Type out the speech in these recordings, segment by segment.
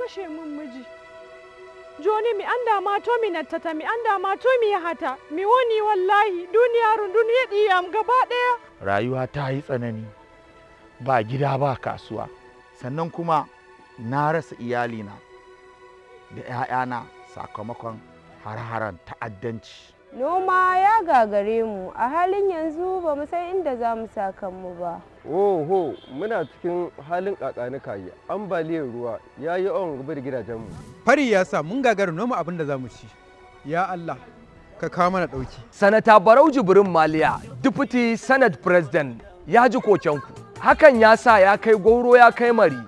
kashe min miji joni mi anda ma to mi nattata mi anda ma to mi yahata mi woni wallahi duniya di am gaba ɗaya rayuwa ta yi tsanani ba gida ba kasuwa sannan kuma na rasa iyalina da 'ya'yana sakamakon har-haren ta'addanci noma ya gagare mu a halin yanzu ba mu san inda za mu sa ba oho muna cikin halin kakanika yi ambaliyar ruwa ya yi awon gubar gidajenmu fari ya sa mun gagara noma abin da za mu ci ya allah ka kama mana ɗauki sanata barau jibrin maliya deputy senate president ya ji kokenku hakan ya sa ya kai goro ya kai mari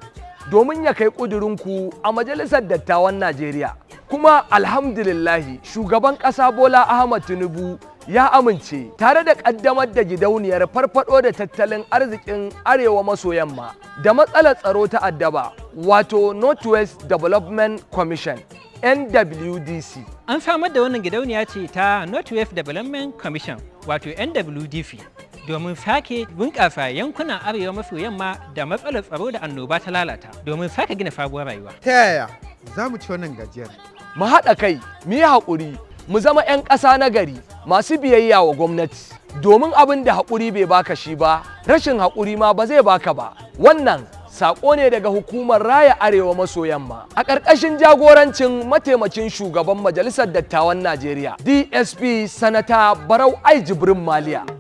domin ya kai ƙudurinku a majalisar dattawan najeriya kuma alhamdulillahi shugaban ƙasa bola ahmad tinubu ya amince tare da ƙaddamar da gidauniyar farfado da tattalin arzikin arewa maso yamma da matsalar tsaro ta addaba wato northwest development commission nwdc an samar da wannan gidauniya ce ta northwest development commission wato nwdc domin sake bunƙasa yankunan arewa maso yamma da matsalar tsaro da annoba ta lalata domin sake gina sabuwar rayuwa ta yaya za mu ci wannan gajiyar mu haɗa kai mu yi haƙuri mu zama 'yan ƙasa na gari masu biyayya wa gwamnati domin abin da haƙuri bai baka shi ba rashin haƙuri ma ba zai baka ba wannan saƙo ne daga hukumar raya arewa maso yamma a ƙarƙashin jagorancin mataimakin shugaban majalisar dattawan najeriya dsp sanata barau ai jibrin maliya